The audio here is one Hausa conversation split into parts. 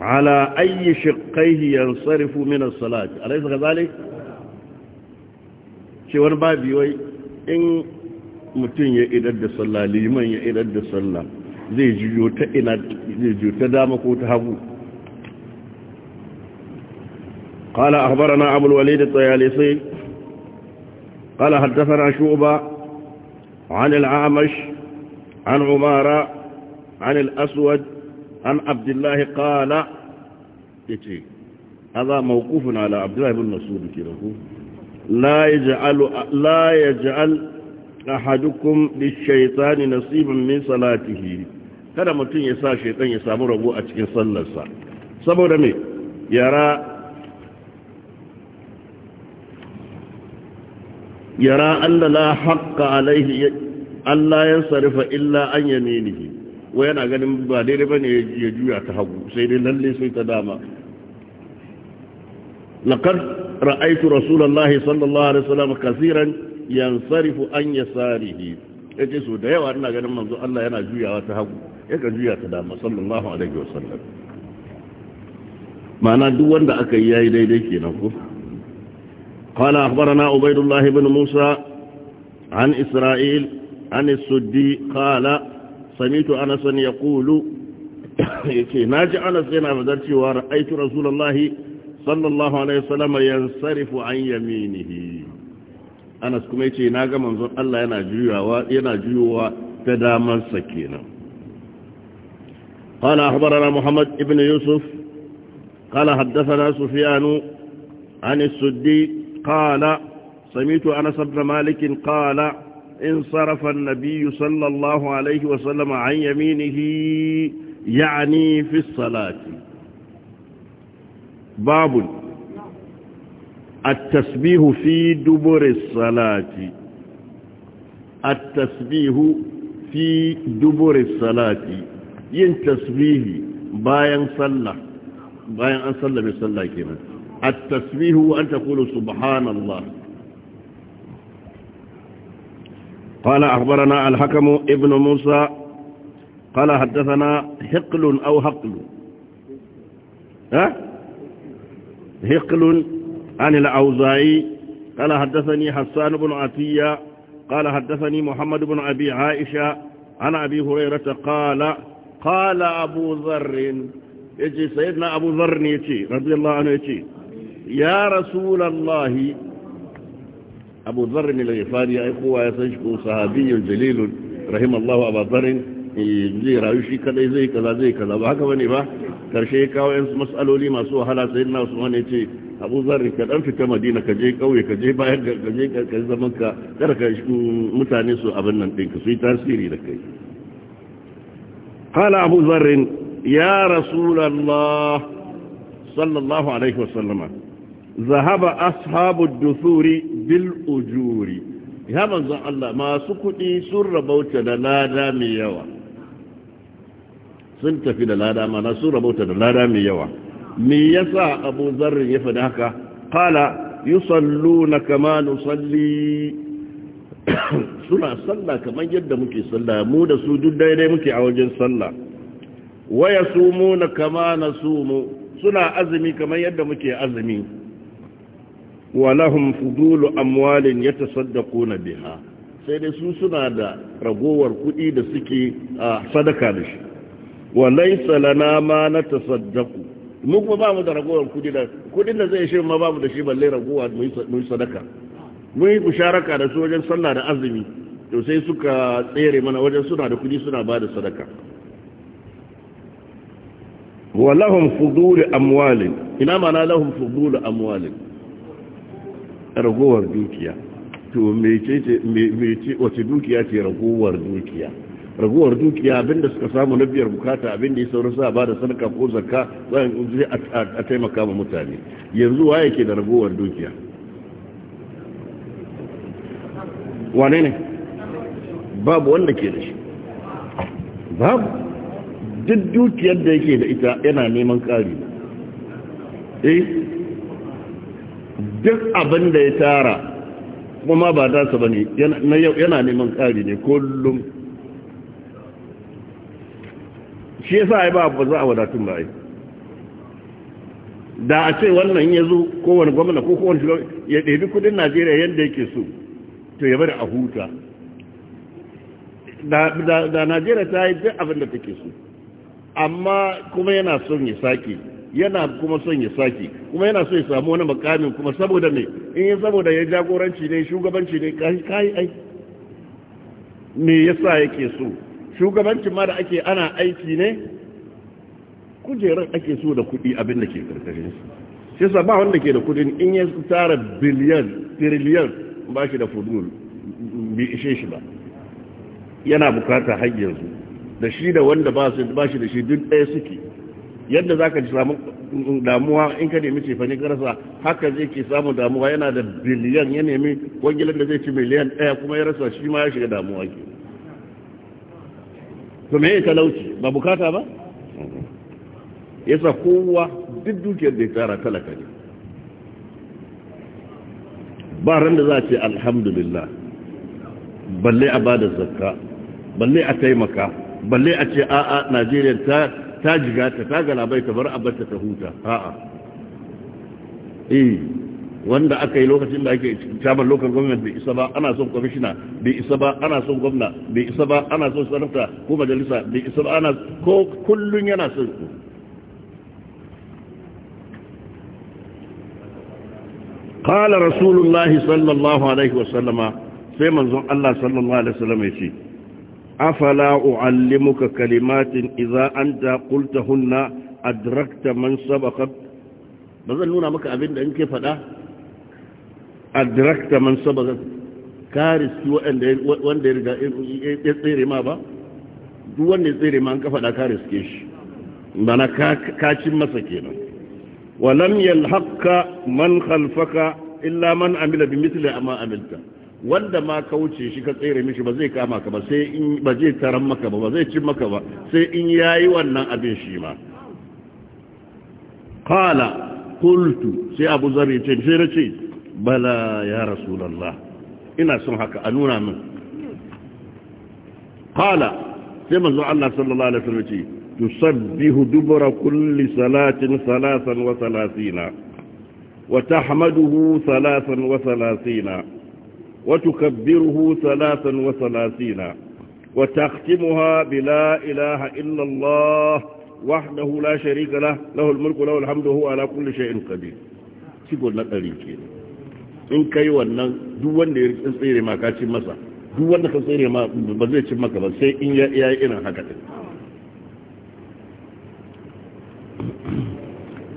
على أي شقيه ينصرف من الصلاة أليس كذلك؟ cewar babi wai in mutum ya idar da sallah liman ya idar da sallah zai juyo ta ina قال أخبرنا أبو الوليد الطيالسي قال حدثنا شعبة عن العامش عن عمارة عن الأسود عن عبد الله قال يتي هذا موقوف على عبد الله بن مسعود كده لا يجعل لا يجعل أحدكم للشيطان نصيبا من صلاته kada mutum ya sa shaitan ya samu rabo a cikin sallarsa saboda me yara yara Allah la alaihi ya illa an yaminihi wai yana ganin ba daidai ne ya juya ta hagu sai dai lalle sai ta dama laqad ra'aitu rasulullahi sallallahu alaihi wasallam kaseeran yansarifu an yasarihi yace so da yawa ina ganin manzo Allah yana juyawa ta hagu yakan juya ta dama sallallahu alaihi wasallam ma'ana duk wanda aka yi yayi daidai kenan ko Qala أخبرنا عبيد الله musa an عن an عن السدي قال samitu anasan ya kulu ya ce na ji anas yana fadar cewa ra'aitu rasulallahi sallallahu alaihi wasallam yansarifu an yaminihi anas kuma yace na ga manzon Allah yana juyawa yana juyowa ta damar sa kenan قال muhammad ibn yusuf يوسف قال حدثنا سفيان عن السدي قال Samitu أنس بن مالك قال انصرف النبي صلى الله عليه وسلم عن يمينه يعني في الصلاة باب التسبيح في دبر الصلاة التسبيح في دبر الصلاة ين تسبيح باين صلى باين أن صلى بصلى كمان التسبيح أن تقول سبحان الله قال أخبرنا الحكم ابن موسى قال حدثنا هقل أو هقل ها هقل عن الأوزاعي قال حدثني حسان بن عطية قال حدثني محمد بن أبي عائشة عن أبي هريرة قال قال أبو ذر يجي سيدنا أبو ذر يجي رضي الله عنه يجي يا رسول الله abu zarri ne lagifari ai kowa ya san shi ko sahabiyyun jalilun rahimallahu abu zarrin eh, zai rayu shi kadai zai kaza zai kaza ba haka bane ba karshe ya kawo yan matsaloli masu wahala sai na usman ya ce abu Zarin ka dan fita madina ka je kauye ka je bayan ka je ka zaman ka kada ka mutane su abin nan ɗinka su yi tasiri da kai قال أبو ذر يا رسول sallallahu alaihi الله عليه وسلم ذهب أصحاب الدثور bil ujuri ya manzo Allah masu kuɗi sun rabauta da lada mai yawa sun tafi da lada mana sun rabauta da lada mai yawa me yasa Abu Dharr ya faɗi haka qala yusalluna kama nusalli suna sallah kamar yadda muke sallah mu da su duk daidai muke a wajen sallah waya sumuna kama nasumu suna azumi kamar yadda muke azumi walahum fudulu amwalin yatasaddaquna biha sai dai su suna da ragowar kuɗi da suke sadaka da shi wa laysa lana ma natasaddaqu mu kuma ba mu da ragowar kuɗi da kuɗin da zai shi ma ba mu da shi balle ragowa mu yi sadaka mun yi musharaka da su wajen sallah da azumi to sai suka tsere mana wajen suna da kuɗi suna ba da sadaka wa lahum fudulu amwalin ina ma na lahum fudulu amwalin ragowar dukiya to mece wace dukiya ce ragowar dukiya ragowar dukiya abinda suka samu na biyar bukata abinda ya sauransu a ba da sadaka ko bayan zai a taimaka ma mutane yanzu waye ke da ragowar dukiya wane ne babu wanda ke da shi babu duk dukiyar da yake da ita yana neman kari eh duk abin da ya tara kuma ma ba tasa ba ne yana neman ƙari ne kullum shi yasa ai ba ba za a wadatun ba yi da a ce wannan ya zo kowane gwamna ko kowane shugaban ya ɗebi kudin najeriya yadda yake so to ya bari a huta da najeriya ta yi duk abin da take so amma kuma yana son ya sake yana kuma son ya sake kuma yana so ya samu wani makamin kuma saboda ne in yi saboda ya jagoranci ne shugabanci ne kai ai me yasa yake so shugabancin ma da ake ana aiki ne kujerar ake so da kuɗi abin da ke karkashin su shi sa ba wanda ke da kuɗin in ya tara biliyan trillion ba shi da fudul bi ishe shi ba yana bukata har yanzu da shi da wanda ba shi da shi duk ɗaya suke yadda za ka samu damuwa in ka nemi cefane karasa haka zai ke samu damuwa yana da biliyan ya nemi wangilan da zai ci miliyan ɗaya kuma ya rasa shi ma ya shiga damuwa ke to me talauci ba bukata ba ya sa kowa duk dukiyar da ya tara talaka ne ba ran da za a ce alhamdulillah balle a bada zakka balle a taimaka balle a ce a'a najeriya ta ta jiga ta ta galabai ta bar abarta ta huta a'a eh wanda aka yi lokacin da ake caman lokacin gwamnati bai isa ba ana son kwamishina bai isa ba ana son gwamna bai isa ba ana son sanata ko majalisa bai isa ba ana ko kullun yana son ku kala rasulullahi sallallahu alaihi wasallama sai manzon Allah sallallahu alaihi wasallama ya ce afala u'allimuka kalimatin idza anta qultahunna adrakta man sabaqak bazan nuna maka abinda da in ke faɗa adrakta man sabaqak ka riski wanda ya riga ya tsere ma ba duk wanda ya tsere ma an ka faɗa ka riske shi bana ka cin masa kenan Wa walam yalhaqqa man khalfaka illa man amila bi mithli ma amilta wanda ma ka wuce shi ka tsere mishi ba zai kama ka ba sai in ba zai taran maka ba ba zai cin maka ba sai in yayi wannan abin shi ma qala qultu sai Abu Zar ya ce sai na ce bala ya rasulullah ina son haka a nuna min qala sai manzo Allah sallallahu alaihi wasallam ce tusabbihu dubara kulli salatin salasan wa salasina وتحمده ثلاثا وثلاثين وتكبره ثلاثا وثلاثين وتختمها بلا إله إلا الله وحده لا شريك له له الملك له الحمد هو على كل شيء قدير تقول لك in kai wannan duk wanda ya rikin tsere ma ka masa duk wanda ka tsere ma ba zai ci maka ba sai in ya iya irin haka din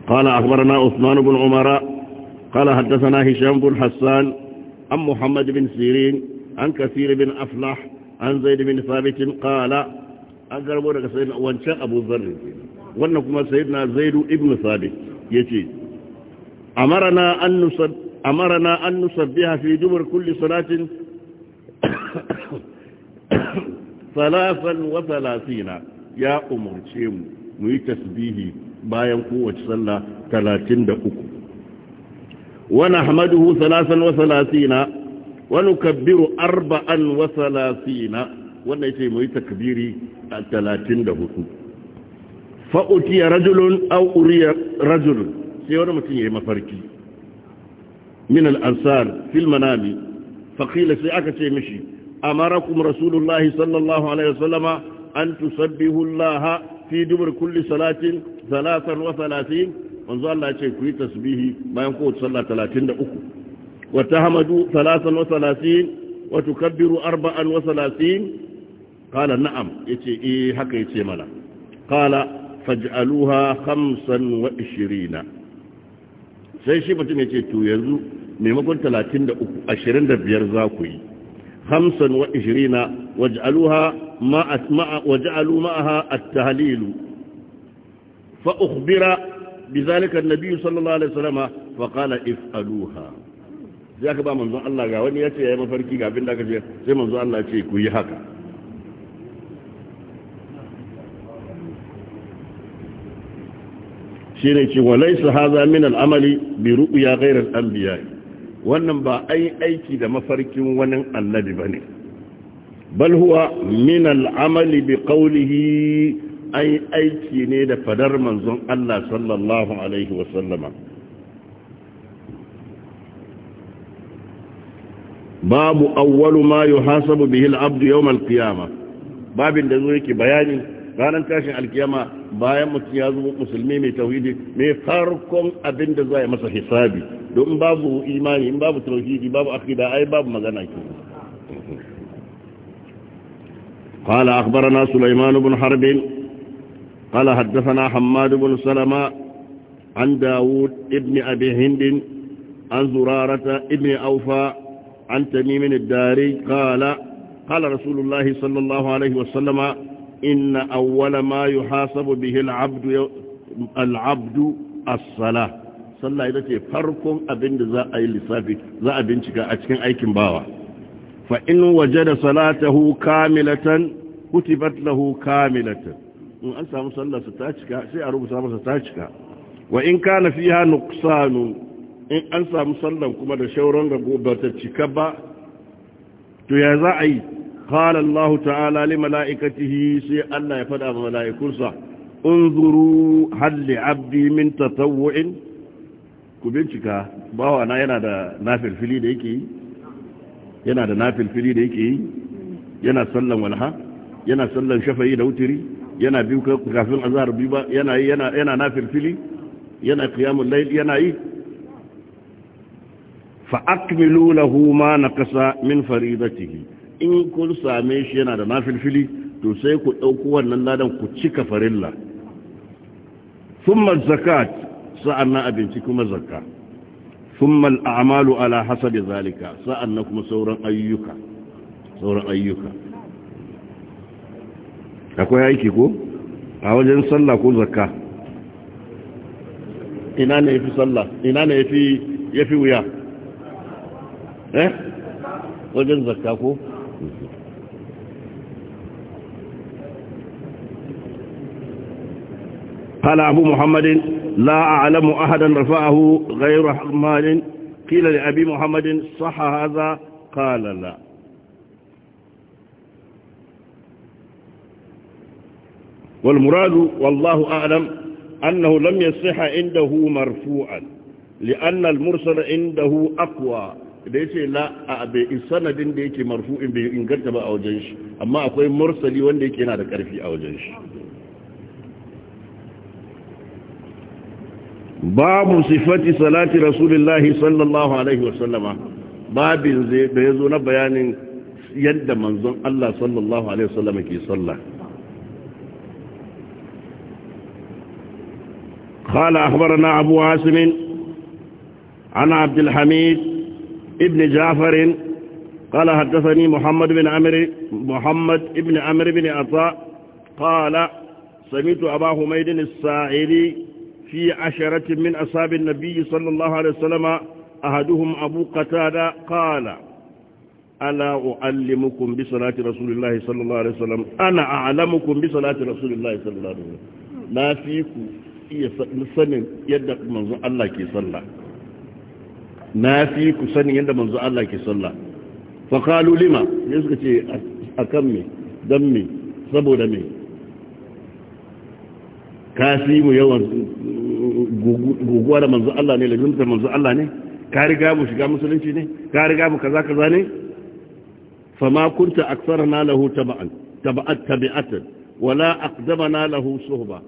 qala akhbarana usman ibn umara qala haddathana hisham ibn hassan عن محمد بن سيرين عن كثير بن أفلح عن زيد بن ثابت قال أقرب لك سيدنا وانشاء أبو ذر وأنكما سيدنا زيد بن ثابت يتي أمرنا أن نصب أمرنا أن نصبها في جبر كل صلاة ثلاثا وثلاثين يا أمر شيم مي تسبيه باين قوة صلى ثلاثين دقوق ونحمده ثلاثا وثلاثين ونكبر أربعا وثلاثين ونأتي مي تكبيري الثلاثين دهوتو فأتي رجل أو أري رجل سيونا متي مفاركي من الأنصار في المنام فقيل سيأكا سيمشي أمركم رسول الله صلى الله عليه وسلم أن تسبه الله في دبر كل صلاة ثلاثا وثلاثين manzo Allah ya ce ku yi tasbihi bayan kowace sallah talatin da 33 wa tahmadu 33 wa tukabbiru 34 qala na'am ce eh haka ya ce mana qala faj'aluha 25 sai shi mutum ya ce to yanzu maimakon talatin da uku ashirin da biyar za ku yi 25 waj'aluha ma'a ma'a waj'alu ma'aha at-tahlil fa ukhbira بذلك النبي صلى الله عليه وسلم فقال افعلوها sai aka ba manzon Allah ga wani ya ce ya yi mafarki ga abin da aka ce sai manzon Allah ce ku yi haka shi ne ce walai haza min al'amali bi ru'uya gairar anbiya wannan ba ai aiki da mafarkin wani annabi ba ne bal huwa min bi qawlihi ai aiki ne da fadar manzon Allah sallallahu alaihi wasallama babu awwalu ma yuhasabu bihi bihil abdu yau Malkiyama, babin da zo yake bayani ranar tashin alkiyama bayan mutum ya zo musulmi mai tauhidi mai farkon abin da za masa hisabi don babu imani in babu tauhidi babu akida ai babu magana ke قال أخبرنا سليمان بن قال حدثنا حماد بن سلمة عن داود ابن أبي هند عن زرارة ابن أوفى عن تميم الداري قال قال رسول الله صلى الله عليه وسلم إن أول ما يحاسب به العبد العبد الصلاة صلى إذا فرق أبن ذا أي لصافي ذا أبنشك أتكن أي كمباوة فإن وجد صلاته كاملة كتبت له كاملة in an samu sallar su ta cika sai a rubuta masa ta cika wa in kana fiha nuksanu in an samu sallar kuma da shauran da gobe ta cika ba to ya za a yi qala Allah ta'ala li mala'ikatihi sai Allah ya fada ma mala'ikunsa unzuru hal 'abdi min tatawwu'in ku bincika bawa na yana da nafilfili da yake yi yana da nafilfili da yake yi yana sallan walha yana sallan shafa'i da wutiri yana biyu kafin azhar biyu ba yana yi yana yana nafilfili yana qiyamul layl yana yi fa akmilu lahu ma naqasa min faridatihi in kun same shi yana da nafilfili to sai ku dauko wannan ladan ku cika farilla thumma zakat sa'anna abinci kuma zakka thumma al'amalu ala hasabi zalika sa'anna kuma sauran ayyuka sauran ayyuka akwai aiki ko a wajen sallah ko zakka ina ne yafi sallah ina ne yafi yafi wuya eh wajen zakka ko قال أبو محمد لا أعلم أحدا رفعه غير حمال قيل لأبي محمد صح هذا قال لا والمراد والله أعلم أنه لم يصح عنده مرفوعا لأن المرسل عنده أقوى da yace la a bai sanadin da yake marfu'in bai inganta ba a wajen shi amma akwai mursali wanda yake yana da karfi a wajen shi babu sifati salati rasulullahi sallallahu alaihi wasallama babin zai da yazo na bayanin yadda manzon Allah sallallahu alaihi wasallama ke sallah قال أخبرنا أبو عاصم عن عبد الحميد ابن جعفر قال حدثني محمد بن عمر محمد ابن عمر بن عطاء قال سمعت أبا حميد الساعلي في عشرة من أصحاب النبي صلى الله عليه وسلم أحدهم أبو قتادة قال ألا أعلمكم بصلاة رسول الله صلى الله عليه وسلم أنا أعلمكم بصلاة رسول الله صلى الله عليه وسلم لا فيكم iya sanin yadda manzo Allah ke sallah na fi ku sanin yadda manzo Allah ke sallah fa qalu lima ne suka ce akan me dan me saboda me ka fi mu yawan guguwa da manzon Allah ne lajunta manzo Allah ne ka riga mu shiga musulunci ne ka riga mu kaza kaza ne fa ma kunta na lahu taba'an taba'at wala wala na lahu suhba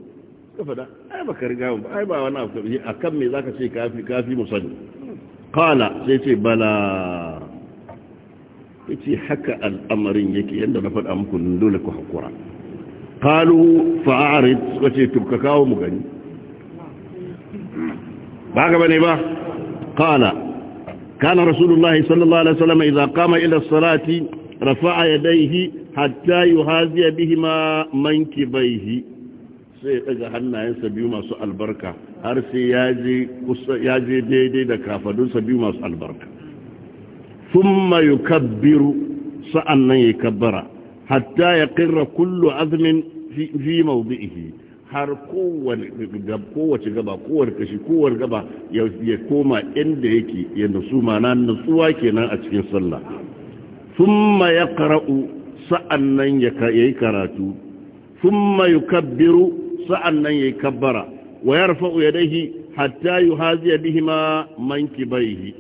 ka faɗa ai baka riga mu ai ba wani abu a kan me zaka ce kafi kafi mu sani qala sai ce bala yace haka al'amarin yake yanda na faɗa muku dole ku hakura qalu fa'arid wace to ka kawo mu gani ba ga bane ba qala kana rasulullahi sallallahu alaihi wasallam idza qama ila as-salati rafa'a yadayhi hatta yuhaziya bihima mankibaihi sai ya ɗaga hannayensa biyu masu albarka har sai ya je daidai da kafadunsa biyu masu albarka sun mayu kabbiru sa'an nan ya kabbara hatta ya ƙirra kullu azumin fi maudu'ihi har kowace gaba kowar kashi kowar gaba ya koma inda yake ya nasu mana nasuwa kenan a cikin sallah sun ma ya ƙara'u sa'an nan ya yi karatu sun ma yi kabbiru Sa'an sa'annan yi kabbara wa yarfa'u yadayhi hatta yuhaziya bihima mankibaihi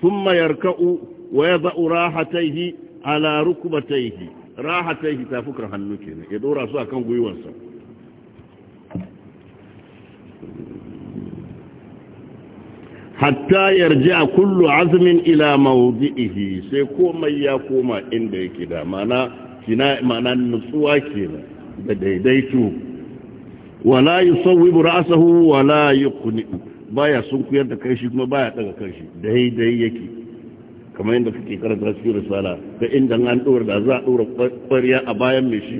thumma yarka'u wa yad'u rahatayhi ala rukbatayhi ta fukar hannu ke. ya dora su akan gwiwansa hatta a kullu azumin ila mawdi'ihi sai komai ya koma inda yake da mana nutsuwa ke da daidaito wala yusawwibu ra'sahu wala yuqni baya sunkuyar da kai shi kuma baya daga kanshi daidai yake kamar yadda kake karanta cikin risala ta inda an ɗora da za a ɗora ƙwariya a bayan mai shi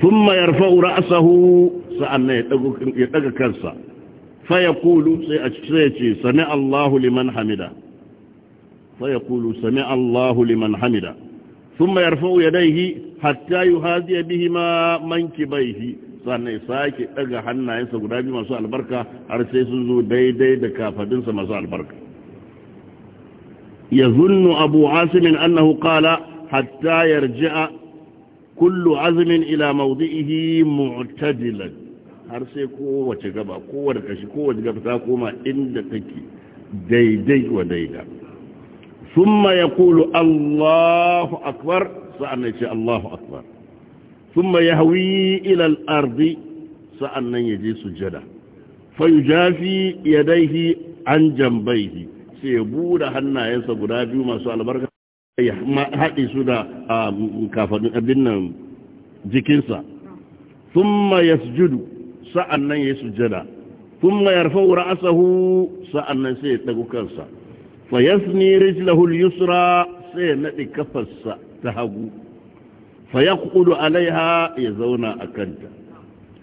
ثم يرفع رأسه سألنا يتقى كنسا فيقول سيأتي سمع الله لمن حمده فيقول سمع الله ثم يرفع يديه حتى يهادي بهما منكبيه sannan sake daga hannayensa guda biyu masu albarka har sai sun zo daidai da kafadinsa masu albarka ya zunnu abu asimin annahu qala hatta yarji'a kullu azumin ila mawdi'ihi mu'tadilan har sai kowace gaba kowace kowace gaba ta koma inda take daidai wa daidai ثم يقول الله أكبر سألنا يشاء الله أكبر ثم يهوي إلى الأرض سألنا يجي سجدا فيجافي يديه عن جنبيه سيبود هنا ينسى قدابي وما سأل بركة haɗe su da kafaɗin abin nan jikinsa thumma yasjudu sa'annan ya sujada thumma yarfa'u ra'sahu sa'annan sai ya dago kansa fa yasni rijlahu al-yusra sai ya nadi kafarsa ta hagu fa yaqudu alaiha ya zauna a kanta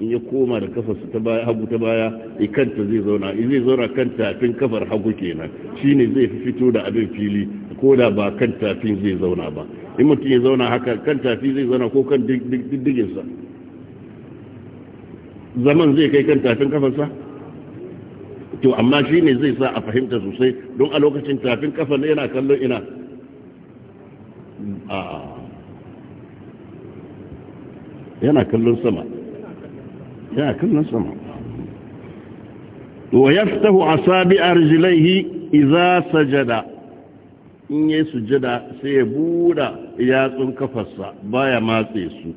in ya koma da kafarsa ta baya hagu ta baya kanta zai zauna zai zauna kan tafin kafar hagu kenan shine zai fito da abin fili ko da ba kan tafin zai zauna ba in mutum ya zauna haka kan tafi zai zauna ko kan diddiginsa zaman zai kai kan tafin kafarsa to amma shi ne zai sa a fahimta sosai don a lokacin tafin kafa ne yana kallon ina yana kallon sama yana kallon sama wa yaftahu asabi arjilaihi idza sajada in yayi sujada sai ya buda yatsun kafarsa baya matse su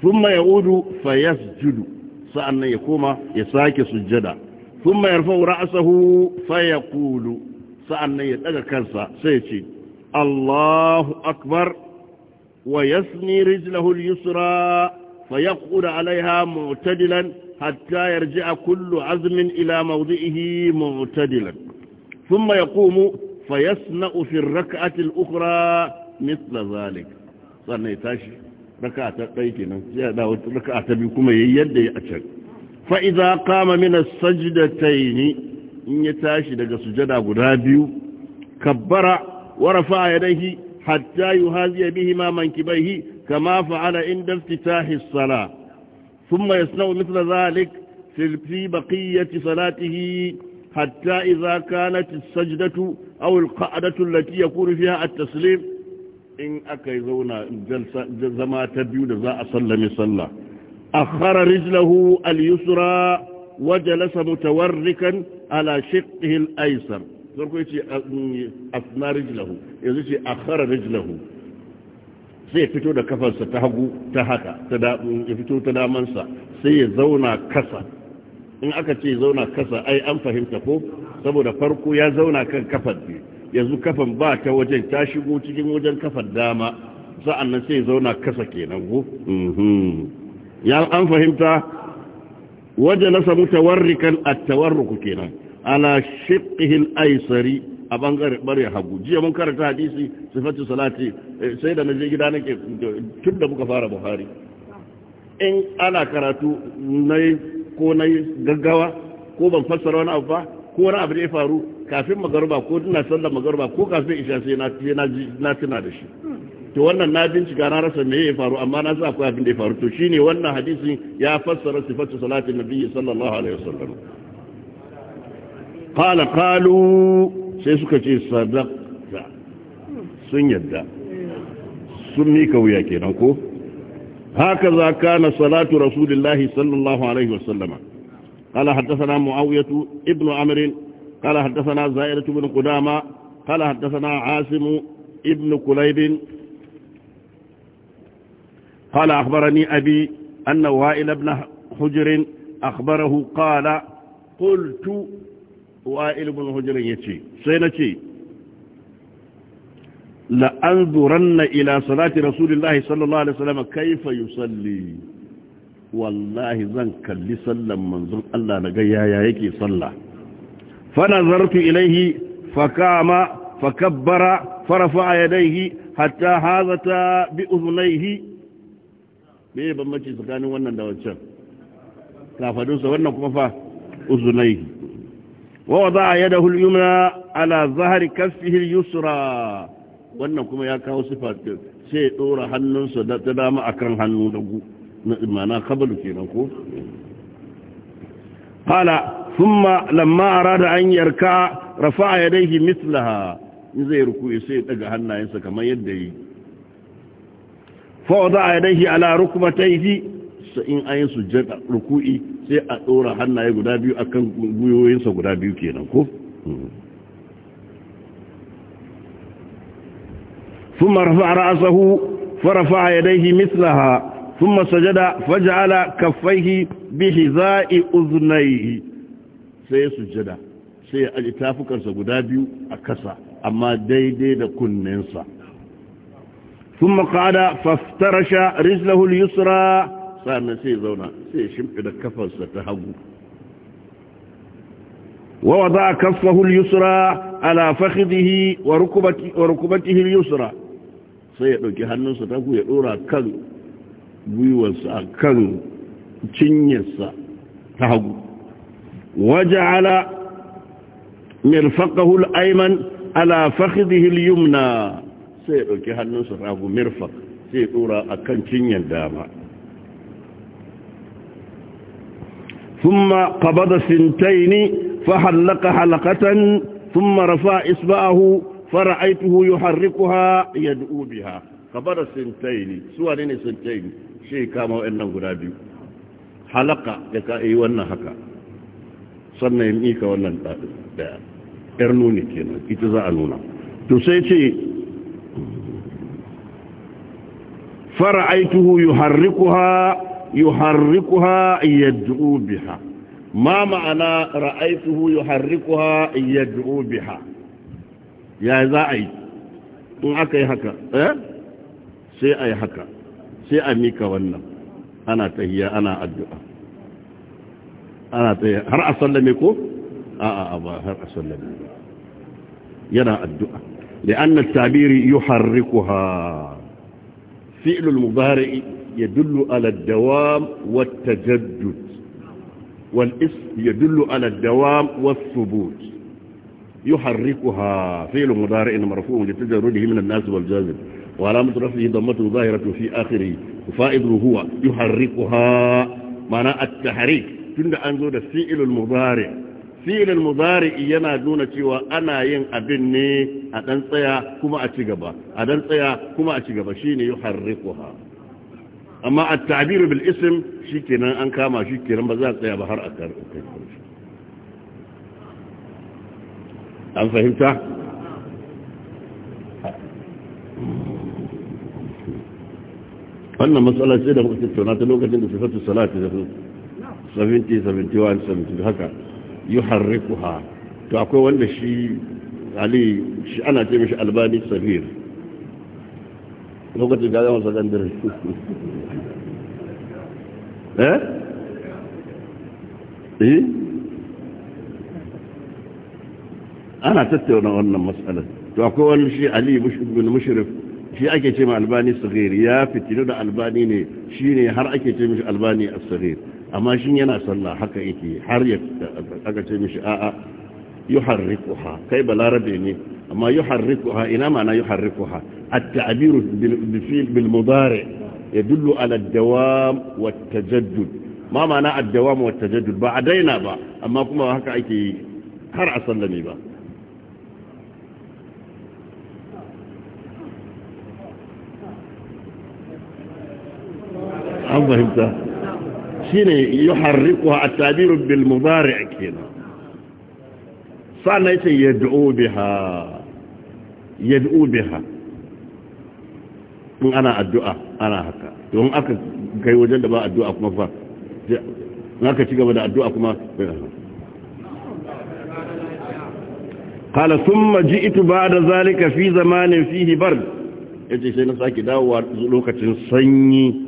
thumma yaudu fayasjudu sa'annan ya koma ya sake sujada ثم يرفع رأسه فيقول سألنا يتأجى كنسا سيتي الله أكبر ويثني رجله اليسرى فيقعد عليها معتدلا حتى يرجع كل عزم إلى موضعه معتدلا ثم يقوم فيسنأ في الركعة الأخرى مثل ذلك صار نيتاشي ركعة قيتنا نعم، زيادة ركعة بكم يد أشك fa'iza kama mina yi ne in ya tashi daga sujada guda biyu kabbara warafa ya dahi hatta yi haziya bihi maman kibaihi kama fa'ala inda ta sala sun mai sanau mitla zalik fi baƙiyyati salatihi hatta iza sajidatu sajdatu aw alqa'datu ya yakunu fiye a taslim in aka zauna zama ta biyu da za a sallami sallah أخر رجله اليسرى وجلس متوركا على شقه الأيسر farko yace asna rijlahu yanzu ce akhara rijlahu sai fito da kafarsa ta hagu ta haka ta da ya fito ta damansa sai ya zauna kasa in aka ce zauna kasa ai an fahimta ko saboda farko ya zauna kan kafar ne yanzu kafan ba ta wajen ta shigo cikin wajen kafar dama sa'annan sai ya zauna kasa kenan go ya an fahimta waje nasa mutawarrikan at-tawarruku kenan ala shiqqihi al-aysari a bangare bare hagu jiya mun karanta hadisi sifatu salati eh, sai da naje gida nake tun da muka fara buhari in ana karatu nayi ko nayi gaggawa ko ban fassara wani abu ba ko wani abu da ya faru kafin magaruba ko ina sallar magaruba ko kafin isha sai na tuna da shi to wannan na bincika na rasa me ya faru amma na sa akwai abin da ya faru to shine wannan hadisin ya fassara sifatu salatin nabi sallallahu alaihi wasallam qala qalu sai suka ce sadaqta sun yadda sun mika wuya kenan ko haka za kana salatu rasulillahi sallallahu alaihi wasallam قال حدثنا معاوية ابن عمر قال حدثنا زائرة بن قدامة قال حدثنا عاصم Ibn كليب قال أخبرني أبي أن وائل بن حجر أخبره قال قلت وائل بن حجر يتي سينتي لأنظرن إلى صلاة رسول الله صلى الله عليه وسلم كيف يصلي والله زنك لسلم منظر الله لقيا يا يكي صلى فنظرت إليه فقام فكبر فرفع يديه حتى هذا بأذنيه me ya bambanci tsakanin wannan da wancan kafadunsa wannan kuma fa uzunai wa wada yadahu al-yumna ala zahri kaffihi al-yusra wannan kuma ya kawo sifa sai dora hannunsa da dama akan hannu gu na imana kabalu kenan ko qala thumma lamma arada an yarka rafa'a yadayhi mithlaha in zai ruku sai ya daga hannayensa kamar yadda yi fawada yadayhi ala rukbatayhi in yi sujjada ruku'i sai a dora hannaye guda biyu kan gwiwoyinsa guda biyu kenan ko ثم رفع رأسه فرفع يديه مثلها ثم سجد فجعل كفيه بحذاء أذنيه سيسجد sai ya aji tafukarsa guda biyu a kasa amma daidai da kunninsa ثم قال فافترش رجله اليسرى صار زونا سيزونا سيشمع كفر ستهو ووضع كفه اليسرى على فخذه وركبته, وركبته اليسرى سيدوك جهنم ستهو يقول كان بيوسا كان تنيسا تهو وجعل مرفقه الأيمن على فخذه اليمنى sai ya ɗauki hannunsa ragu mirfa sai ya ɗora a kan cinyar dama ثم قبض سنتين فحلق حلقة ثم رفع إصبعه فرأيته biyu يدعو بها قبض سنتين wannan سنتين شيء كما وإنه wannan حلقة يكائي nuni صنع يميك za إرنوني nuna إتزاء نونا تسيتي فرأيته يحركها يحركها يدعو بها ما معنى رأيته يحركها يدعو بها يا زعي معك يا هكا اه سي اي هكا سي اي ميكا ونم انا تهيا انا ادعو انا تهيا هر اسلميكو اه اه ابا آه، هر اسلميكو ينا ادعو لان التعبير يحركها فعل المضارع يدل على الدوام والتجدد والاسم يدل على الدوام والثبوت يحركها فعل مضارع مرفوع لتجرده من الناس والجاذب وعلامة رفعه ضمته ظاهرة في آخره وفائده هو يحركها معنى التحريك تند أنزل فعل المضارع filin mubari'i yana nuna cewa ana yin abin ne a dan tsaya kuma a cigaba a dan tsaya kuma a cigaba shine shi ne amma a tabiru bil isim shi kenan an kama shi kenan ba za a tsaya ba har a kai an fahimta wannan matsalar sai da mutum tattauna ta lokacin da sifatu salati da 70 71 70 haka yuharrikuha to akwai wanda shi ali shi ana ce mishi albani sabir lokacin da zama sakandare eh eh ana tattauna wannan matsalar to akwai wani shi ali bin mushrif shi ake ce ma albani sahir ya fitilu da albani ne shi ne har ake ce mishi albani a sahir amma shi yana sallah haka yake har ya aka ce mishi a'a yi harrikuha kai balarabe ne amma yi harrikuha ina mana yi harrikuha a ta'abiru bilmubare ya dullu ala dawam ma mana addawam wa ba a daina ba amma kuma haka ake har a sallami ba masa shine yuharrikuha a tabirin bil mudari' kenan sannan yace yad'u biha yad'u biha in ana addu'a ana haka don aka kai wajen da ba addu'a kuma fa in aka ci gaba da addu'a kuma qala thumma ji'tu ba'da zalika fi zamanin fihi bard yace sai na saki dawowa lokacin sanyi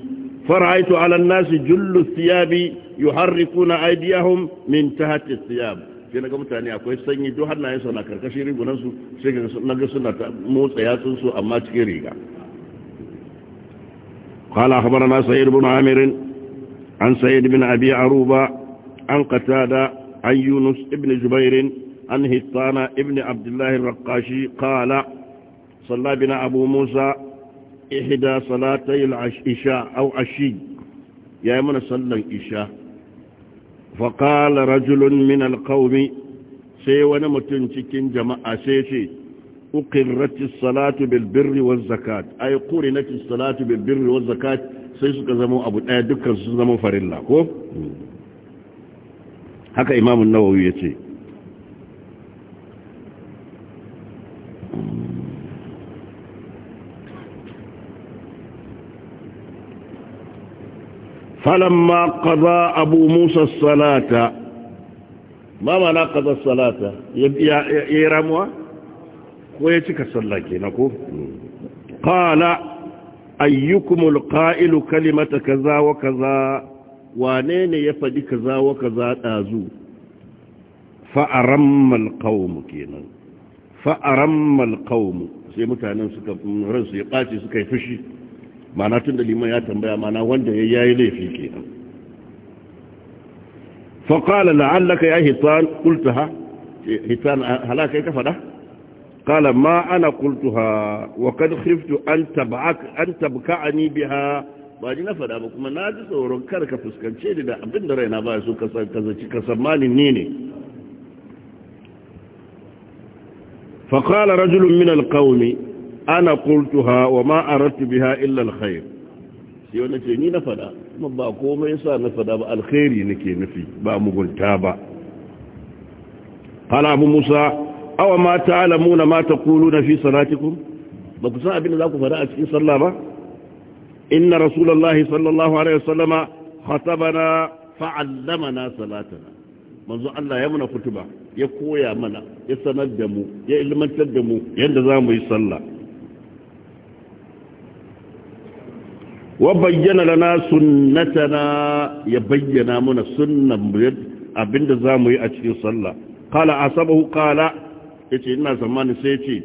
فرأيت على الناس جل الثياب يحركون أيديهم من تحت الثياب sai ga mutane akwai sanyi duk hannayen su na karkashin rigunansu sai ga na ga suna motsa yatsun su amma cikin riga قال أخبرنا سيد بن عامر عن سيد بن أبي عروبة عن قتادة عن يونس بن جبير عن هطان بن عبد الله الرقاشي قال صلى بنا أبو موسى ihda salatay al-isha aw ashi yayi mana sallan isha fa qala rajulun min al sai wani mutum cikin jama'a sai ce uqirrati salatu bil birri waz zakat ay salatu bil birri waz zakat sai suka zama abu daya dukkan su zama farilla ko haka imamu nawawi yace فلما قضى أبو موسى الصلاة ما معنى قضى الصلاة يرموا ويتك الصلاة قال أيكم القائل كلمة كذا وكذا وانين يفدي كذا وكذا تازو فأرم القوم كينا فأرم القوم سيمتعنا سكا رنسي قاتي سكا يفشي mana tun da liman ya tambaya mana wanda ya yayi laifi kenan fa qala la'allaka ya hitan qultaha hitan halaka ka fada qala ma ana qultaha wa kad khiftu an tabka an tabka'ani biha ba ji na fada ba kuma na ji tsoron kar ka fuskance ni da abin da raina ba su kasance zaci ka sammani ni ne fa qala rajulun min ana kultuha wa ma aradtu biha illa alkhair sai wani ce ni na fada kuma ba komai yasa na fada ba alkhairi nake nufi ba mugunta ba qala abu musa aw ma ta'lamuna ma taquluna fi salatikum ba ku san abin da za ku fada a cikin sallah ba inna rasulullahi sallallahu alaihi wasallama khatabana fa'allamana salatana manzo Allah ya muna kutuba ya koya mana ya sanar da mu ya ilmantar da mu yadda za mu yi sallah wa bayyana lana sunnatana ya bayyana mana sunnan abinda za mu yi a cikin sallah kala asabahu kala ya ina zamanin sai ce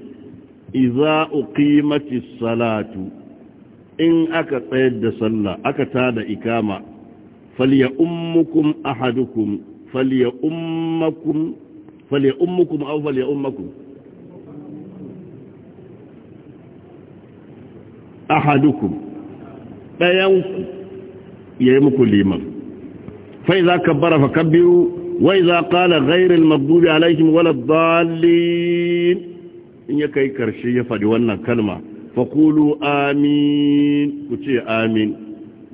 iza uqimati salatu in aka tsayar da sallah aka tada ikama falya ummukum ahadukum falya ummakum falya ummukum aw falya ummakum ahadukum ɗayanku ya yi muku liman fai za ka bara fa kabbiru wai za ƙala gairin magdubi alaikim wala dalilin in ya kai karshe ya faɗi wannan kalma faƙulu amin ku ce amin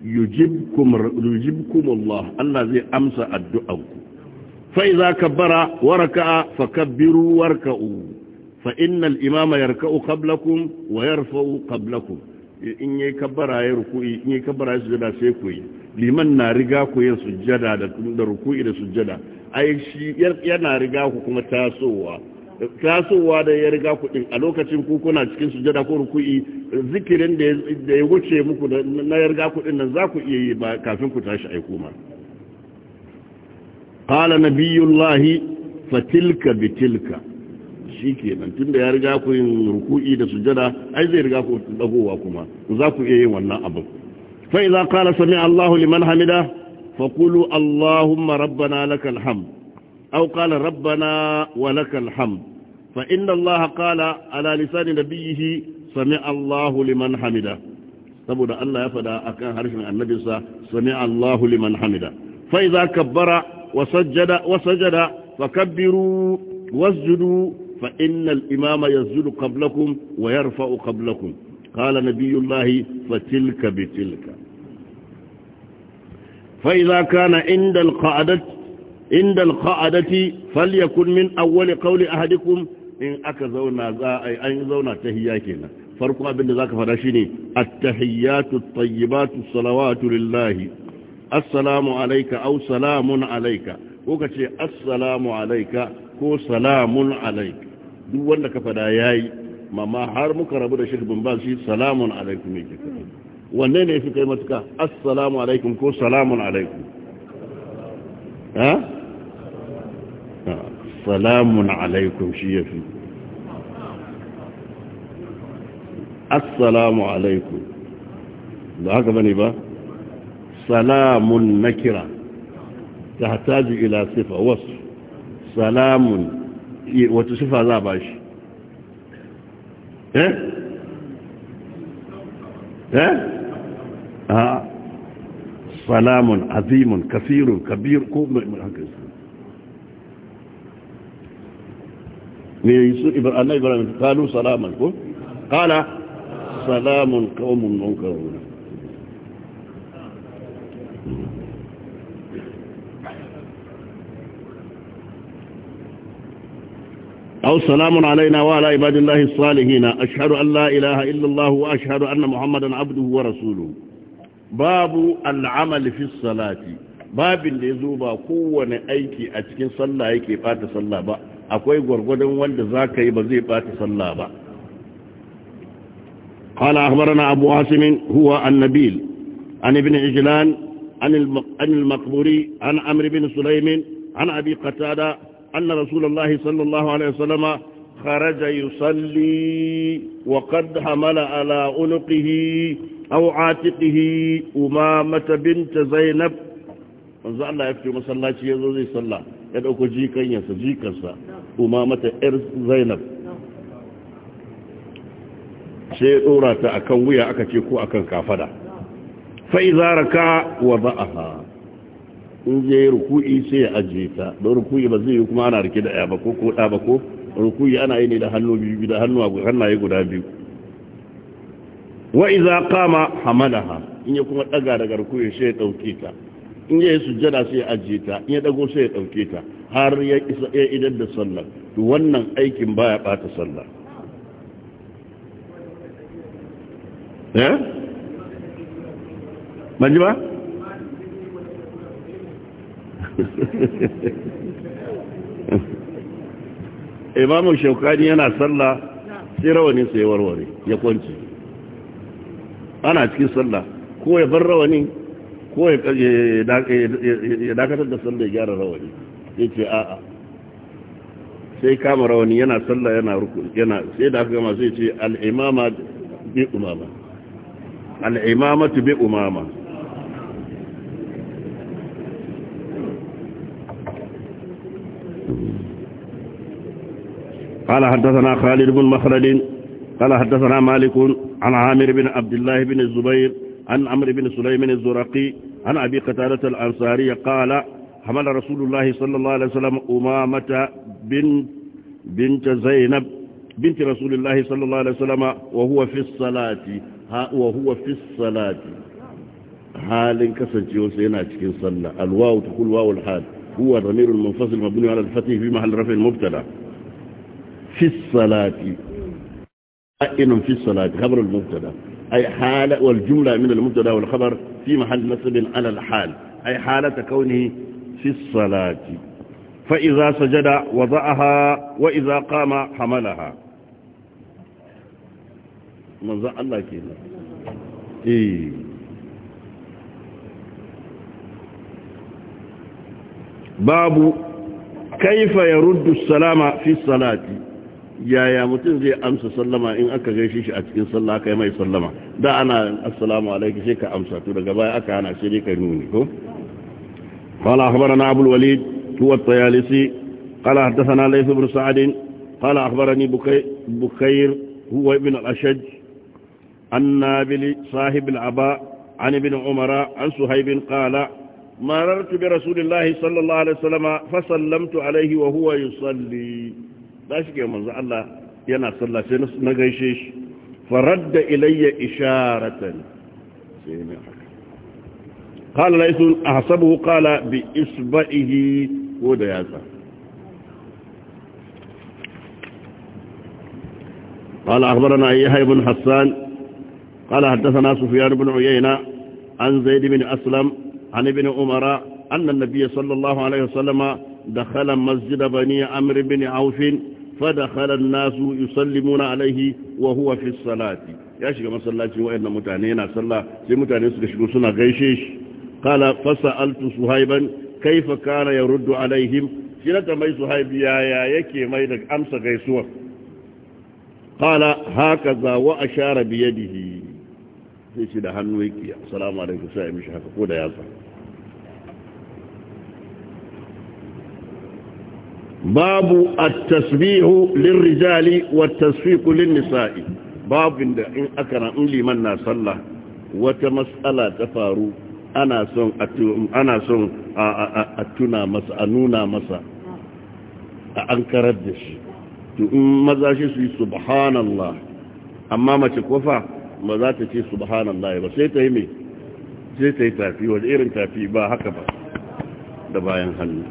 yujibkum Allah Allah zai amsa addu'anku fai za ka bara waraka fa kabbiru warka'u fa innal imama yarka'u qablakum wa yarfa'u qablakum in yayi kabbara ya ruku'i in yayi kabbara ya sujada sai ku yi liman na riga ku yin sujada da da ruku'i da sujada ai shi yana riga ku kuma tasowa tasowa da ya riga ku din a lokacin ku kuna cikin sujada ko ruku'i zikirin da ya wuce muku na ya riga ku din nan za ku iya yi ba kafin ku tashi ai kuma qala nabiyullahi fatilka bitilka shi nan tun da ya riga ku yin ruku'i da sujada ai zai riga ku dagowa kuma za ku iya yin wannan abin fa idza qala sami Allahu liman hamida fa qulu Allahumma rabbana lakal hamd aw qala rabbana wa lakal hamd fa inna Allah qala ala lisani nabiyhi sami Allahu liman hamida saboda Allah ya fada akan harshen annabinsa sami Allahu liman hamida fa idza kabbara wa sajjada wa sajjada fakabbiru wasjudu فإن الإمام يزل قبلكم ويرفع قبلكم قال نبي الله فتلك بتلك فإذا كان عند القعدة عند القعدة فليكن من أول قول أحدكم إن أكزونا أي أن زونا تهياكنا فرقوا أبن ذاك فرشني التحيات الطيبات الصلوات لله السلام عليك أو سلام عليك وكتي السلام عليك كو سلام عليك duk wanda ka fada yi mamma har muka rabu da Sheikh bin Baz shi salamun alaikum yake wanne ne fi kai matuka assalamu alaikum ko salamun alaikum ha salamun alaikum shi ya fi assalamu alaikum ba haka bane ba salamun nakira tahtaju ila sifa wasu salamun wata sifa za a ba shi eh eh salamun azimun kasirun kabir ko mai haka yi su ibrahim ko kala salamun أو سلام علينا وعلى عباد الله الصالحين أشهد أن لا إله إلا الله وأشهد أن محمدا عبده ورسوله باب العمل في الصلاة باب اللي زوبا قوة أيكي أتكين صلى أيكي بات صلى با أكوي قرقودا وند ذاك يبزي بات صلى با قال أخبرنا أبو عاصم هو النبيل عن ابن عجلان عن المقبوري عن عمرو بن سليم عن أبي قتادة أن رسول الله صلى الله عليه وسلم خرج يصلي وقد حمل على أنقه أو عاتقه أمامة بنت زينب manzo Allah ya fito masallaci ya zo zai salla ya dauko jikanyarsa jikarsa kuma mata yar zainab sai ya dora ta akan wuya aka ce ko akan kafada fa iza raka wa ba'aha in je ruku'i sai ya ajiye ta don ruku'i ba zai yi kuma ana rike da ba ko ko ba ko ruku'i ana yi ne da hannu biyu da hannu hannaye guda biyu wa iza qama hamalaha in ya kuma daga daga ruku'i sai ya dauke ta in ya yi sujjada sai ya ajiye ta in ya dago sai ya dauke ta har ya isa ya idan da sallah to wannan aikin baya bata sallah eh ba imamu shaukani yana sallah sai rawanin sai warware ya kwanci ana cikin sallah ko ya bar rawani ko ya dakatar da sallah ya gyara rawani ya ce a'a sai kama rawani yana sallah yana ruku yana sai da aka gama sai ce al'imama bi umama tu bi umama قال حدثنا خالد بن مخرد قال حدثنا مالك عن عامر بن عبد الله بن الزبير عن عمرو بن سليم الزرقي عن أبي قتادة الأنصاري قال حمل رسول الله صلى الله عليه وسلم أمامة بنت, بنت زينب بنت رسول الله صلى الله عليه وسلم وهو في الصلاة وهو في الصلاة حال كسنجي وسينا تكين صلى الواو تقول واو الحال هو الضمير المنفصل مبني على الفتح في محل رفع المبتدا في الصلاة قائم في الصلاة خبر المبتدا أي حالة والجملة من المبتدا والخبر في محل نصب على الحال أي حالة كونه في الصلاة فإذا سجد وضعها وإذا قام حملها منزع الله كيف إيه babu kaifa ya ruddu salama fi salati yaya mutum zai amsa sallama in aka gaishe shi a cikin sallah aka yi mai sallama da ana assalamu alaikum sai ka amsa to daga baya aka hana shi ne ka nuni ko قال أخبرنا أبو الوليد هو الطيالسي قال حدثنا ليث بن سعد قال أخبرني بكي بكير هو ابن الأشج النابل صاحب العباء عن ابن عمر عن سهيب qala. مررت برسول الله صلى الله عليه وسلم فسلمت عليه وهو يصلي داشك يا منزل الله ينا صلى سنس نغيشيش فرد إلي إشارة قال ليس أحسبه قال بإصبعه ودياسة قال أخبرنا أيها بن حسان قال حدثنا سفيان بن عيينة عن زيد بن أسلم عن ابن عمر أن النبي صلى الله عليه وسلم دخل مسجد بني عمرو بن عوف فدخل الناس يسلمون عليه وهو في الصلاة يا شيخ مسلاتي وإن متانينا صلى سي متانين سكشكو سنة غيشيش قال فسألت صهيبا كيف كان يرد عليهم سنة مي صهيب يا يا يكي مي لك أمس غيسوة قال هكذا وأشار بيده sai shi da hannu yake salama da kusa ya mishi haka ko da yatsa babu at-tasbihu lirrijali wat-tasfiqu lin-nisa'i babu da in aka na in liman na sallah wata mas'ala ta faru ana son ana son a tuna masa a nuna masa a an karar da shi to in maza shi su yi subhanallah amma mace kofa ma za ta ce subhanan ba sai ta yi mai sai ta tafi wani irin tafi ba haka ba da bayan hannu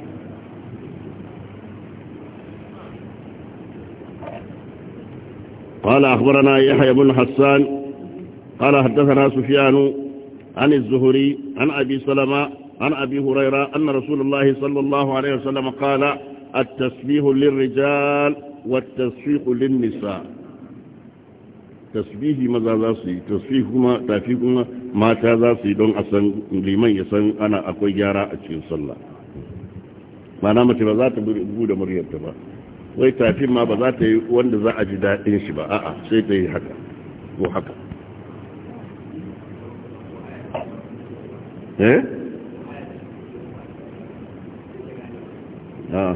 wala akwarana ya hayabun hassan kala haddasa sufyanu an zuhuri an abi salama an abi huraira an na rasulullahi sallallahu alaihi wasallama kala التسبيح للرجال والتسبيح للنساء tasbihi maza za su yi tasbihi kuma tafi kuma mata za su yi don a san liman ya san ana akwai gyara a cikin sallah mana mace ba za ta bude muryarta ba wai tafin ma ba za ta yi wanda za a ji daɗin shi ba a'a sai ta yi haka ko haka eh? ah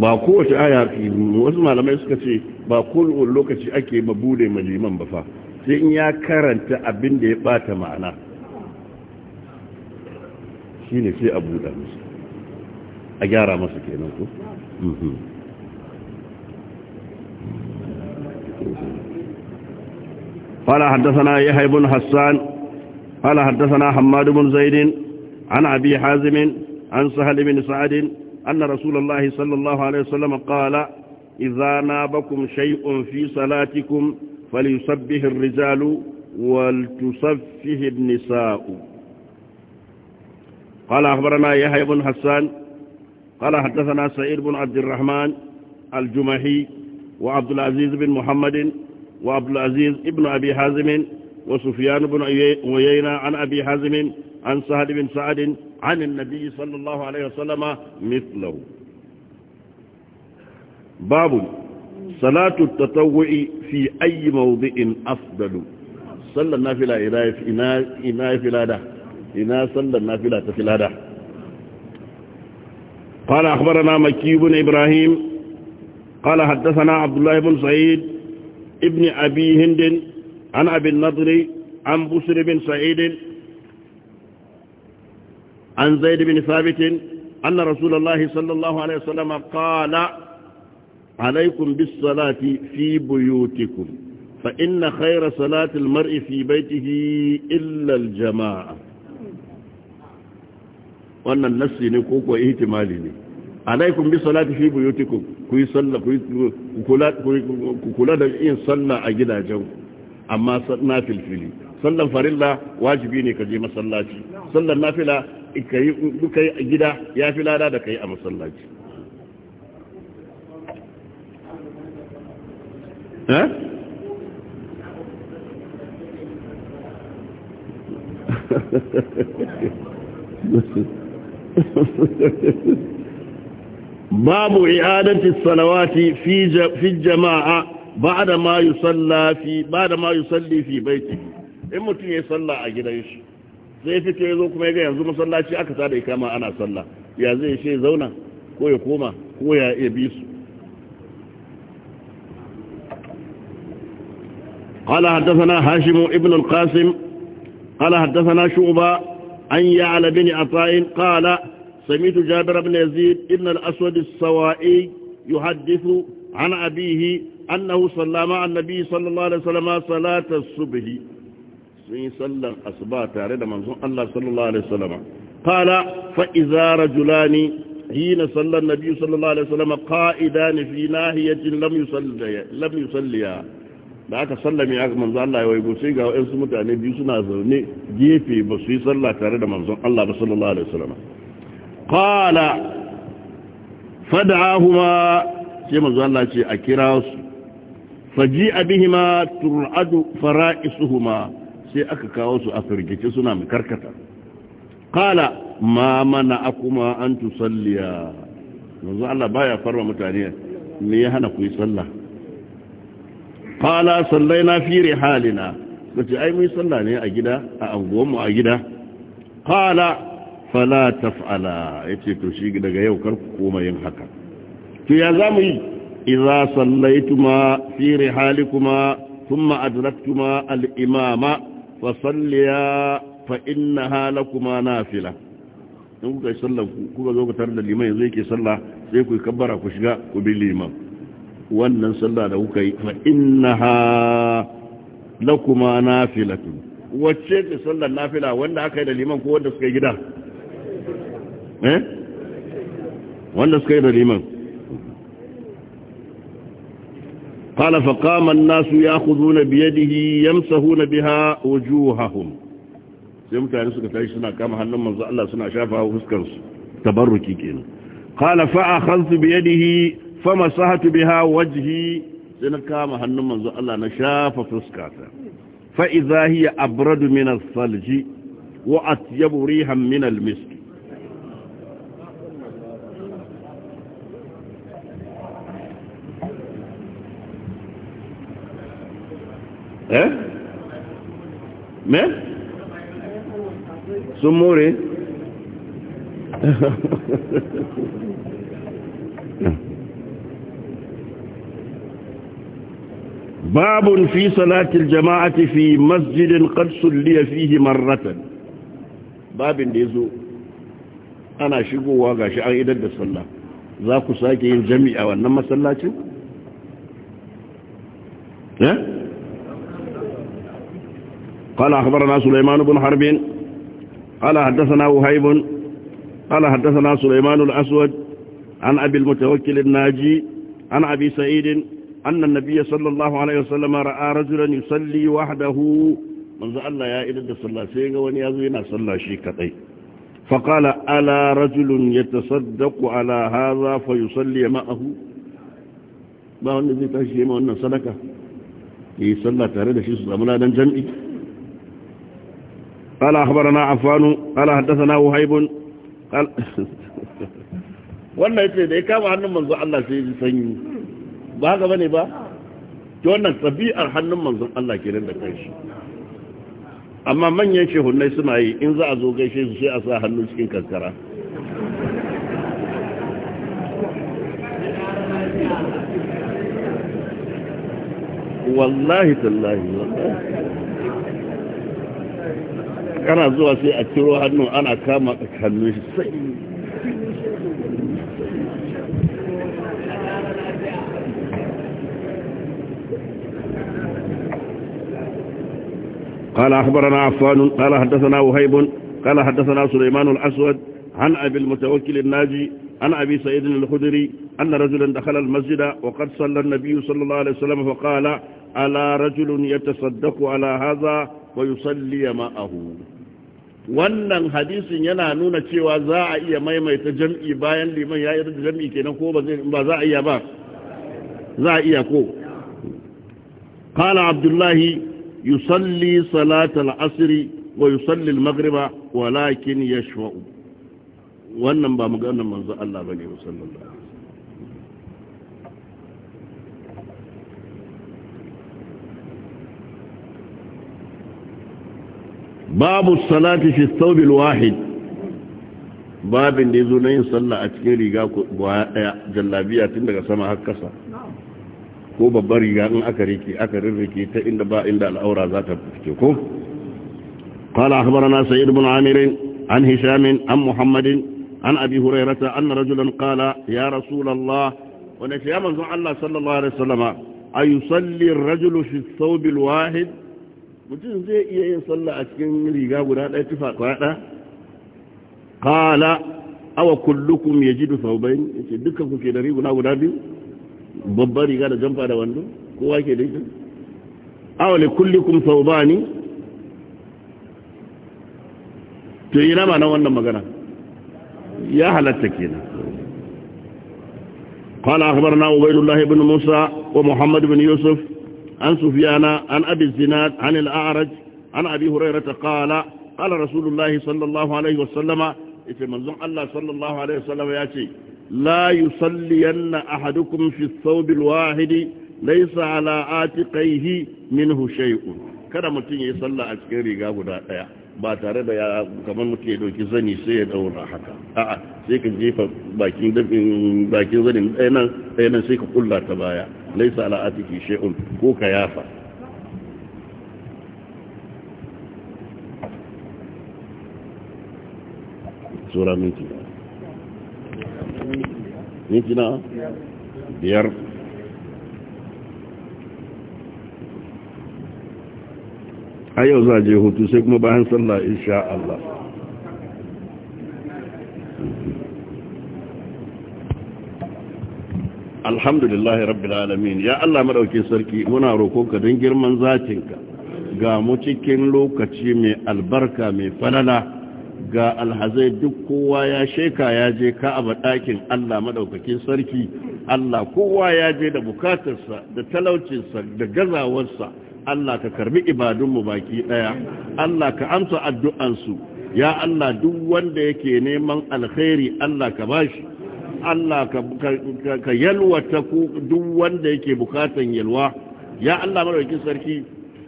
ba kowace aya wasu malamai suka ce ba kowane lokaci ake mabude maliman ba fa sai in ya karanta abin da ya bata ma'ana shi ne sai a buɗa musu a gyara masa kenan ko haddasa mhm. حدثنا haibun hassan حسان haddasa na hamadu bin Zaidin, ana أبي Hazimin, an su halimin Sa'adin. أن رسول الله صلى الله عليه وسلم قال إذا نابكم شيء في صلاتكم فليسبه الرجال ولتصفه النساء قال أخبرنا يحيى بن حسان قال حدثنا سعيد بن عبد الرحمن الجمحي وعبد العزيز بن محمد وعبد العزيز ابن أبي حازم وسفيان بن عيينة عن أبي حازم عن سهل بن سعد عن النبي صلى الله عليه وسلم مثله باب صلاة التطوع في أي موضع أفضل صلى النافلة إنا ده إنا صلى النافلة ده قال أخبرنا مكي بن إبراهيم قال حدثنا عبد الله بن سعيد ابن أبي هند عن أبي النضر عن بسر بن سعيد عن زيد بن ثابت أن رسول الله صلى الله عليه وسلم قال عليكم بالصلاة في بيوتكم فإن خير صلاة المرء في بيته إلا الجماعة wannan nassi ne ko kuwa ihtimali ne kula da yin sallah a gidajen amma na filfili sallan farilla wajibi ne ka je masallaci nafila ka yi a gida ya fi lada da ka yi a masallaci eh? babu i'adati salawati fi jama'a ba'da ma yusalla fi ba'da ma in mutum ya salla a gidan shi zai fito ya zo kuma ya ga yanzu masallaci aka tada ikama ana sallah ya zai ce zauna ko ya koma ko ya iya bi su قال حدثنا هاشم ابن القاسم قال حدثنا شعبة عن يعلى بن عطاء قال سميت جابر بن يزيد ابن الأسود السوائي يحدث عن أبيه أنه صلى مع النبي صلى الله عليه وسلم صلاة الصبح sun yi sallar asuba tare da manzon Allah sallallahu alaihi wasallam qala fa idza rajulani hina sallar nabi sallallahu alaihi wasallam qa'idan fi nahiyatin lam yusalli lam yusalliya da aka sallame aka manzo Allah ya waigo sai ga wayansu mutane biyu suna zaune gefe ba su yi sallah tare da manzon Allah ba sallallahu alaihi wasallam qala fad'ahuma sai manzo Allah ce a kira su faji abihima tur'adu fara'isuhuma sai aka kawo su a firgice suna mai karkata kala ma mana akuma an tu salliya. yanzu Allah baya farwa mutane ne ya hana ku yi sallah kala sallai na, fi halina. kace ai mun sallah ne a gida a anguwan a gida kala fala taf'ala yace to shi daga yau kar ku koma yin haka to ya zamu yi idza sallaituma fi rihalikuma thumma adlaktuma al-imama fasalliya fa innaha lakuma nafila in kuka yi sallah kuka zo ku tar da liman yanzu yake sallah sai ku kabbara ku shiga ku bi liman wannan sallah da kuka yi fa innaha lakuma tun. wacce ce sallar nafila wanda aka yi da liman ko wanda suka yi gida eh wanda suka yi da liman قال فقام الناس ياخذون بيده يمسحون بها وجوههم ثم كان سوك تاي سنا كما هنن من الله سنا شافها وفسكرس تبركي كين قال فاخذت بيده فمسحت بها وجهي سنا كما هنن من الله نشاف فسكاتا فاذا هي ابرد من الثلج واطيب ريحا من المسك eh me sun more باب في صلاة الجماعة في مسجد قد صلي فيه مرة باب ديزو أنا شقوا وغاشي أن إدد الصلاة ذاكو ساكي الجميع وأنما صلاة ها؟ قال أخبرنا سليمان بن حرب قال حدثنا وهيب قال حدثنا سليمان الأسود عن أبي المتوكل الناجي عن أبي سعيد أن النبي صلى الله عليه وسلم رأى رجلا يصلي وحده من قال يا إلد صلى سيغا ونيازوين صلى شيكتي فقال ألا رجل يتصدق على هذا فيصلي معه ما هو الذي تشيء ما هو الصدقة يصلى إيه تاريخ يصلى ملادا جمعي قال أخبرنا عفان قال حدثنا وهيب قال wannan yace da ya kama hannun manzon Allah sai ya sanyi ba haka bane ba to wannan tabi'ar hannun manzon Allah kenan da kanshi amma manyan shehunnai suna yi in za a zo gaishe su sai a sa hannu cikin kankara wallahi tallahi wallahi kana zuwa sai a ciro hannu ana kama hannun shi sai قال أخبرنا عفان قال حدثنا وهيب قال حدثنا سليمان الأسود عن أبي المتوكل الناجي عن أبي سيد الخدري أن رجلا دخل المسجد وقد صلى النبي صلى الله عليه وسلم فقال ألا رجل يتصدق على هذا ويصلي معه wannan hadisin yana nuna cewa za a iya maimaita jam'i bayan liman ya yi jam'i kenan ko ba za a iya ba za a iya ko kala abdullahi yusalli salatar asiri wa yusalli magriba walakin ya shawa'u wannan ba ganin manzo Allah ba ne musallallahu babu salati fi thawbil wahid babin da yazo na yin sallah a cikin riga guda daya jallabiya tun daga sama har kasa ko babbar riga in aka rike aka rirrike ta inda ba inda al'aura za ta fice ko qala akhbarana sayyid ibn amir an hisham an muhammad an abi hurairah anna rajulan qala ya rasul allah wa nafiya manzo allah sallallahu alaihi wasallam ayusalli ar-rajulu fi ath-thawb mutum zai iya yin sallah a cikin riga guda ɗaya tufa kwaɗa kala awa kullukum ya ji dufa bayan yake dukkan kuke da riguna guda biyu babban riga da jamfa da wando kowa ke da ita awa ne kullukum sau ba ni to yi rama na wannan magana ya halatta kenan قال أخبرنا عبيد الله بن موسى ومحمد بن يوسف عن سفيان عن أبي الزناد عن الأعرج عن أبي هريرة قال قال رسول الله صلى الله عليه وسلم منزون الله صلى الله عليه وسلم يأتي لا يصلين أحدكم في الثوب الواحد ليس على عاتقيه منه شيء kada mutum ya yi sallah a cikin riga guda ɗaya ba tare da ya kamar mutum ya ɗauki zani sai ya ɗaura haka a'a sai ka jefa bakin zanin ɗaya nan sai ka kulla ta baya laisa ala atiki shay'un ko ka yafa sura minti minti na biyar a yau za a je hutu sai kuma bayan sallah insha Allah alhamdulillahi rabbi alamin ya Allah madaukin sarki muna roƙonka don girman zatinka ga mu cikin lokaci mai albarka mai falala ga alhazai duk kowa ya sheka ya je ka'aba ɗakin Allah maɗaukakin sarki Allah kowa ya je da bukatarsa da talaucinsa da gazawarsa Allah ka karbi ibadunmu baki ɗaya Allah ka amsa addu'ansu ya Allah duk wanda yake neman alkhairi Allah ka bashi Allah ka yalwata ku duk wanda yake bukatan yalwa ya Allah madaukakin sarki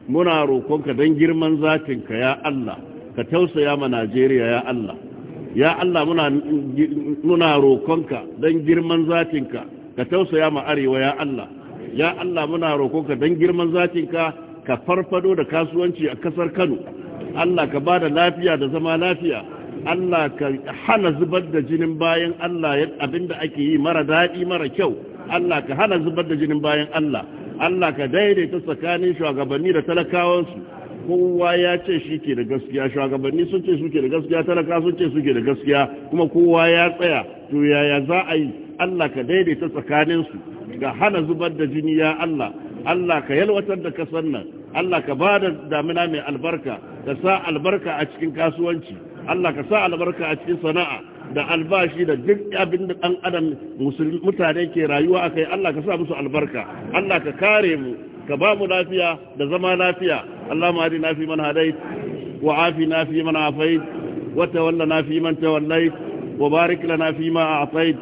muna roƙonka don girman zatinka ya Allah ka tausaya ma Najeriya ya Allah ya Allah muna muna roƙonka don girman zatinka ka tausaya ma arewa ya Allah ya Allah muna roƙonka don girman zatinka ka farfado da kasuwanci a kasar Kano Allah ka bada lafiya da zama lafiya Allah ka hana zubar da jinin bayan Allah abinda ake yi mara daɗi mara kyau Allah ka hana zubar da jinin bayan Allah Allah ka daidaita tsakanin shugabanni da talakawansu kowa ya ce shi ke da gaskiya shugabanni sun ce suke da gaskiya talaka sun ce suke da gaskiya kuma kowa ya tsaya to yaya za a yi Allah ka daidaita tsakaninsu ga hana zubar da jini ya Allah Allah ka yalwatar da kasan nan Allah ka ba da damina mai albarka ka sa albarka a cikin kasuwanci Allah ka sa albarka a cikin sana'a da albashi da duk abin da ɗan adam musulmi mutane ke rayuwa a kai Allah ka sa musu albarka Allah ka kare mu ka ba mu lafiya da zama lafiya Allah ma na fi man hadait wa afi na fi man afait wa tawalla na fi man tawallait wa barik lana fi ma a'tait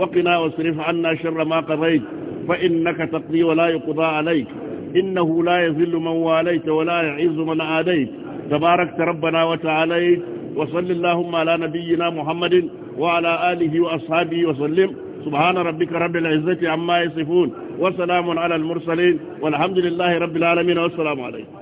wa qina wasrif anna sharra ma qadait fa innaka taqdi wa la yuqda alayk innahu la yadhillu man walayta wa la yu'izzu man adait tabarakta rabbana wa ta'alayta وصل اللهم على نبينا محمد وعلى آله وأصحابه وسلم سبحان ربك رب العزة عما يصفون وسلام على المرسلين والحمد لله رب العالمين والسلام عليكم